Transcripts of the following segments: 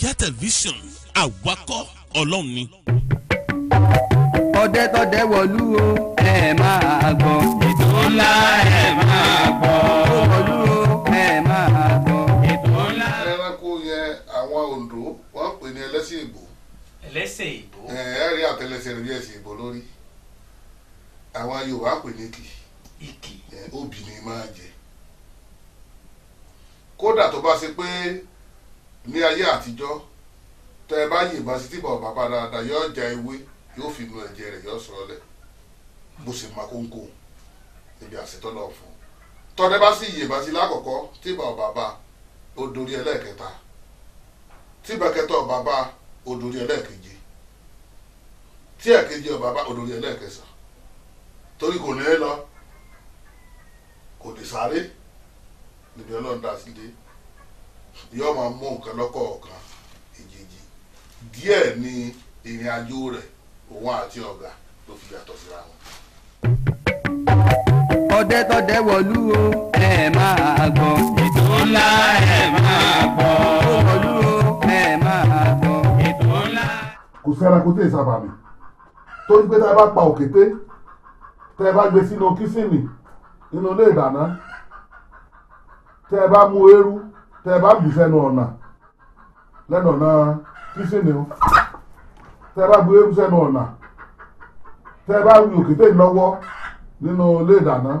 Àlàkíá tẹlifíṣàn àwakọ̀ ọlọ́run ni. ọdẹ tọdẹ wọlú o ẹ máa gbọ́. ètò ńlá ẹ máa gbọ́. wọlú o ẹ máa gbọ́. ètò ńlá. ẹranko yẹn àwọn Ondo wọn pè ní ẹlẹ́sìn ìbò. ẹlẹ́sìn ìbò. ẹ ẹ rí àtẹlẹsẹ rẹ bí ẹsìn ìbò lórí àwọn Yorùbá pè ní kì. ìkì. obì ni máa jẹ kódà tó bá ṣe pé ní ayé àtijọ́ tẹ́ ẹ bá yìnbọn sí tí bàbá bá dáadáa yóò ja ewé yóò fi nu ẹ̀jẹ̀ rẹ̀ yóò sọ̀rọ̀ lẹ̀ bó sì máa kóńkó níbi àṣetọ́ náà fún un tọ́dẹ́ bá sì yìnbọn sí lákọ̀ọ́kọ́ tí bàbá bá ó dorí ẹlẹ́ẹ̀kẹta tí bàkẹ́tọ̀ bàbá ó dorí ẹlẹ́ẹ̀keje tí ẹ̀kejì ọba bá olórí ẹlẹ́ẹ̀kẹsàn torí kò ní lọ kò dé sáré níbi ọlọ́run dá sí dé yóò máa mú nǹkan lọ́kọ̀ọ̀kan èjèèjì díẹ̀ ni ìrìn àjò rẹ̀ òun àti ọ̀gá ló fi yàtọ̀ síra wọn. ọdẹ tọdẹ wọlú o ẹ máa gbọ́. ètò ńlá ẹ máa gbọ́. wọlú o ẹ máa gbọ́. ètò ńlá. kò sí ẹranko tí èsà bàmí tó ń tá a bá pa òkété tẹ ẹ bá gbé sínú kísìnì nínú ilé ìdáná tẹ ẹ bá mú eérú tẹ̀bá bù sẹ́nu ọ̀nà lẹ́nu ọ̀nà kíṣìnì o tẹ̀bá bu ewu sẹ́nu ọ̀nà tẹ̀bá ninu òkété lọ́wọ́ nínú ilé ìdáná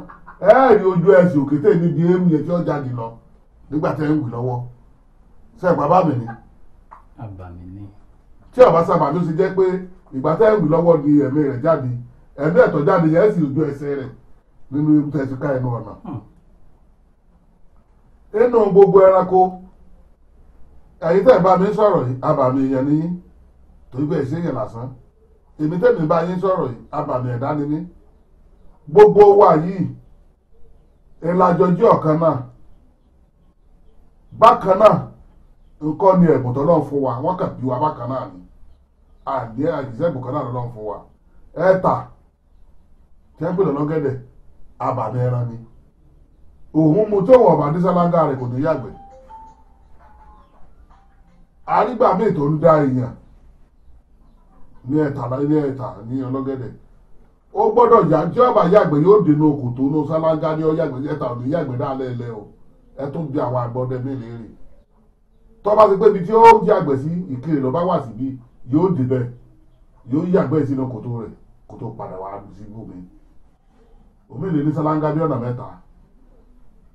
ẹ rí ojú ẹsẹ̀ òkété níbi lọ nígbà tẹ́ ń wì lọ́wọ́ sẹ́ ni. tí ọba sábà jẹ́ ni ẹ̀mí rẹ̀ jáde ẹ̀mí ẹ̀tọ́ jáde ojú rẹ̀ nínú inú gbogbo ẹranko ẹ̀yin tẹ́ bá mi sọ̀rọ̀ yìí abàmì èèyàn ni yín torí pé lásán èmi tẹ́mi bá yín sọ̀rọ̀ yìí abàmì ni gbogbo wa yìí ìlàjọ jẹ́ náà bákan náà nǹkan ni ẹ̀bùn tó lọ́n fún wa wa bákan ni àní àìsẹ́bùn kan náà ló lọ́n fún wa ẹ̀ẹ́ta tẹ́ńpìlẹ̀ lọ́gẹ́dẹ̀ abàmì ni. òhun mu tó wọ̀ bàdé sálágà rẹ̀ kò ní yàgbẹ́ arígbà míì tó ń dá èèyàn ní ẹ̀ta ní ẹ̀ta ní ó gbọ́dọ̀ yá ọba yàgbẹ́ yóò dènà sálágà ní ẹ̀ta o ẹ tún àwọn àgbọ̀dẹ mi ti pé ibi tí ó yàgbẹ́ sí wà síbi yóò débẹ̀ yóò yàgbẹ́ sínú kòtò rẹ̀ kòtò padà wà síbòmí òmìnira ní sálágà ọ̀nà mẹ́ta.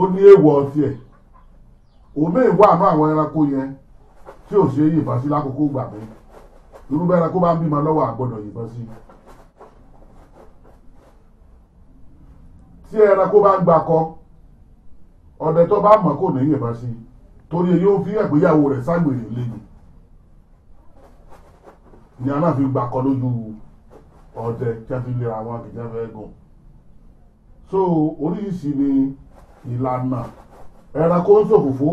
ó ní èèwọ̀ tiẹ̀ òmí ìwà àánú àwọn ẹranko yẹn tí ò ṣeé yìnbọn sí lákòókò ìgbà mi irúgbẹ́ ẹranko bá ń bímọ lọ́wọ́ àgbọ̀dọ̀ yìnbọn sí tí ẹranko bá ń gbakọ ọdẹ tó bá mọ̀ kò ní yìnbọn sí torí èyí ó fi ẹ̀gbéyàwó rẹ̀ ságbèrè lẹ́yìn ni a náà fi gbakọ lójú ọdẹ tí a fi lera wọn kìí jẹ́ fẹ́ gùn so oríṣiríṣi ni ìlànà ẹranko ń ṣòfófó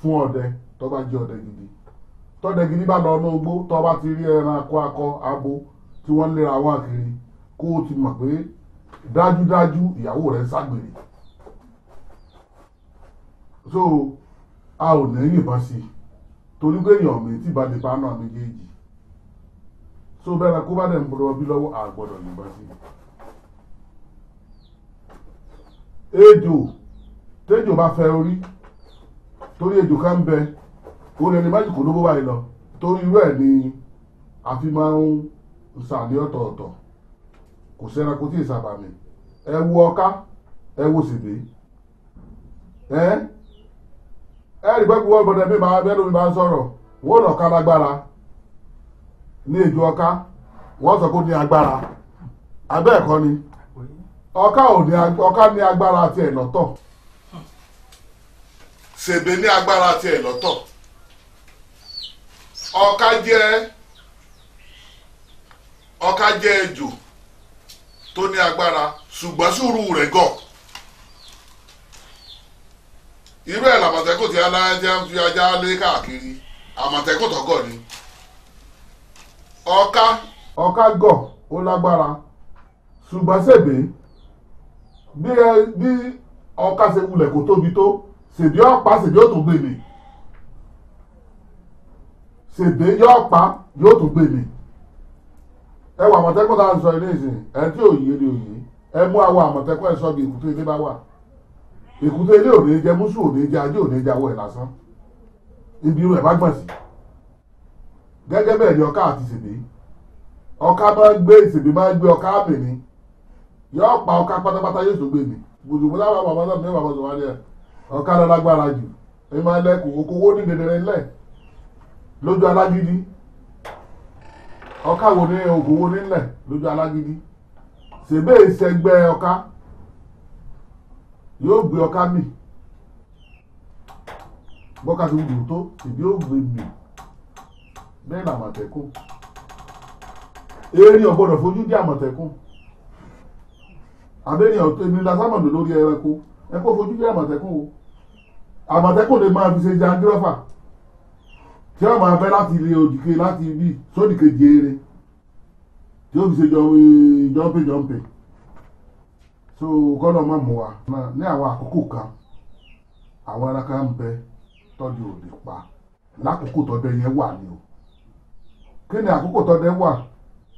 fún ọdẹ tó bá jẹ́ ọdẹ gidi tọ́dẹ gidi bá lọ lóògbó tó bá ti rí ẹranko akọ abo tí wọ́n léra wọn kiri kó o ti mọ̀ pé dájúdájú ìyàwó rẹ̀ ságbèrè so a ò ní yìnbọn sí i torí pé èèyàn mi ti balẹ̀ bá náà méjèèjì so bẹ́ẹ̀ ni kó bá dẹ̀ ń bọ̀rọ̀ bí lọ́wọ́ àgbọ̀dọ̀ yìnbọn sí i. ejò tẹ́jò bá fẹ orí torí ejò ká ń bẹ orí ẹni májì kò ló bó báyìí lọ torí irú ẹ̀ ni a fi máa ń sàlẹ̀ ọ̀tọ̀ọ̀tọ̀ kò sẹ́ranko tí ìsàbàmì ẹ wo ọká ẹ wo ẹ ẹ rí pé wọ́n gbọ́dọ̀ mi máa bẹ́ẹ̀ ló mi máa ń sọ̀rọ̀ wọ́n lágbára ní ọká wọ́n sọ ọka ò ní ọká ní agbára sèbè ní agbára tiẹ̀ lọ́tọ̀ ọká jẹ́ ọká jẹ́ ejò tó ní agbára ṣùgbọ́n sùúrù rẹ̀ gọ̀ irú ẹ̀ làmọ̀tẹ́kùn tí ń fi ajá lé káàkiri ni ọka gọ̀ ó lágbára ṣùgbọ́n bí ẹ bí ọkà ṣe wulẹ̀ kó tóbi tó ṣèdí ọ̀pá ṣèdí ó tún gbè mí ṣèdí ọ̀pá yóò tún gbè mí ẹ wà àmọ̀tẹ́kùn tá à ń sọ ilé ìsìn ẹ tí òye ni òye ẹ mú àwọn àmọ̀tẹ́kùn ẹ sọ bí èkúté ilé bá wà èkúté ilé òde jẹ mùsù òde jẹ ajé òde jẹ awọ ẹ lásán ibi irun ẹ bá gbọ̀n sí gẹ́gẹ́ bẹ́ẹ̀ ni ọkà àti ṣèdí ọkà máa ń gbé ìṣèdí máa ń gbé ọkà àbẹ̀ni yọ pa ọ̀ka pátápátá yóò tó gbé mi gbòdògbò láwọn àwọn àbámọ́ mi wàá bọ̀dọ̀ wá ní ẹ̀ ọ̀ka lọ lágbára jù ẹ máa lẹ́kọ̀ọ́ okòwò ní dẹ̀dẹ̀rẹ̀ lójú alágídí ọ̀ka wo ní okòwò nílẹ̀ lójú alágídí ṣèbéè ṣẹgbẹ́ ọ̀ka yóò gbé tó abẹ́rẹ́ èmi lásàmọ̀dò lórí ẹranko ẹ fojú bí àmọ̀tẹ́kùn o àmọ̀tẹ́kùn lè máa fi ṣe jangirọ́fà tí ọmọ abẹ́ láti ilé òdìke láti ibi sódìke jèrè tí ó fi ṣe so kọ́nà mú wa ní àwọn àkókò kan àwọn bẹ tọ́jú òde pa lákòókò wà o kí ni àkókò tọ́dẹ wà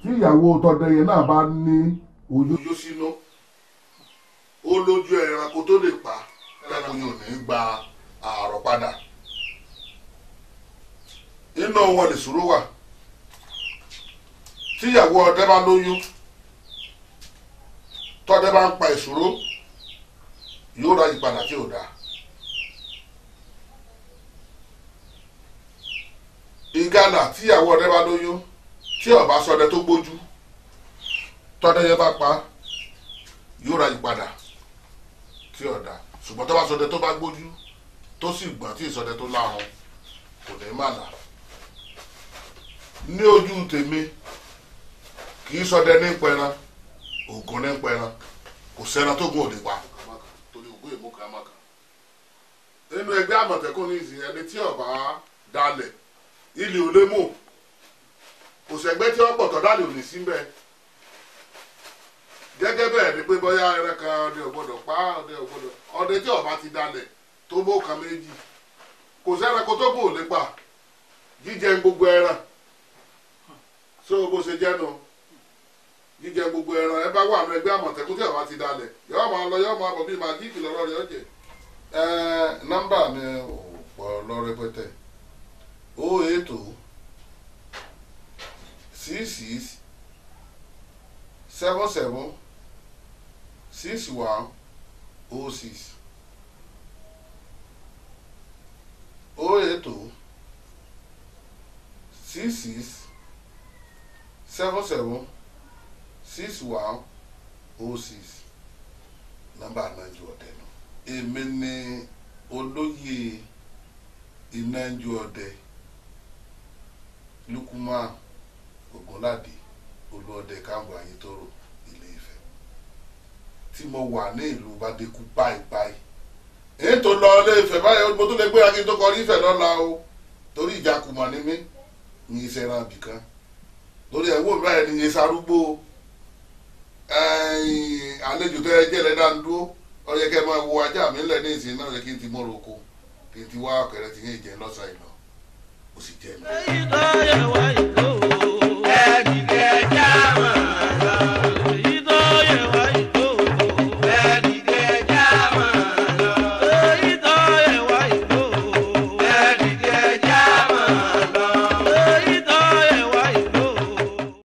tí ìyàwó náà bá ní sínú. ó lójú ẹranko tó lè pa ẹranko yìí ò ní gba àárọ̀ padà inú wọn lè sùúrù wà tíyàwó ọdẹ bá lóyún tọ́dẹ bá ń pa ìṣòro yóò ra ìpadà tí ò dáa. ìgalà tíyàwó ọdẹ bá lóyún tí ọba sọdẹ tó gbójú tọ́dẹ yẹn bá pa yóò ra ìpadà tí ọ̀dà ṣùgbọ́n tó bá sọdẹ tó bá gbójú tó sì gbọ́n tí ìsọdẹ tó láhùn kò ní má là ní ojú tèmi kì í sọdẹ ní pẹran ògùn ní pẹran kò sẹ́ran tó gùn òde pa torí ògùn èmú kan má kan nínú ẹgbẹ́ àmọ̀tẹ́kùn ní ìsìn ẹni tí ọ̀bá dalẹ̀ ilé olémù kò sẹ́gbẹ́ tí ọ̀pọ̀ tọ́ dalẹ̀ òní síbẹ̀. gẹ́gẹ́ bẹ́ẹ̀ ni pé bóyá ẹran kan ọdẹ ògbọ́dọ̀ pa ọdẹ ògbọ́dọ̀ ọdẹ tí ọba ti dalẹ̀ tó bó kan méjì kò tó kù ò pa jíjẹ gbogbo ẹran so bó ṣe jíjẹ gbogbo ẹran ẹ bá wà ní ọba ti dalẹ̀ máa lọ máa bọ̀ bí rẹ̀ mi ò pọ̀ o ètò six seven. six one o oh six o oh eight o oh six six seven seven six one o six nọ́mbà anájú ọdẹ nù èmi ni olóyè inájú ọdẹ Lukuman Ogunlade olú ọdẹ káàbọ̀ ayétoro tí mo wà ní ìlú Bàdékù báyìí báyìí èyí tó lọ ilé Ifẹ̀ báyìí mo tó lè gbéra kí tó kọrí Ifẹ̀ lọ́la o torí ìjàkùmọ̀ ni mí ní iṣẹ́ náà bìkan lórí ẹ̀wọ́ mi báyìí ní iṣẹ́ arúgbó àlejò tó yẹ jẹ́ lẹ́dá ń dúró ọ̀yẹ́ kẹ́ máa wo ajá mi lẹ̀ ní ìsìn náà yẹ kí n ti mọ́rọ̀ oko kí n ti wá ọ̀kẹ́rẹ́ ti yẹn jẹ́ lọ́sàn-án ìlọ ó sì jẹ́ mi.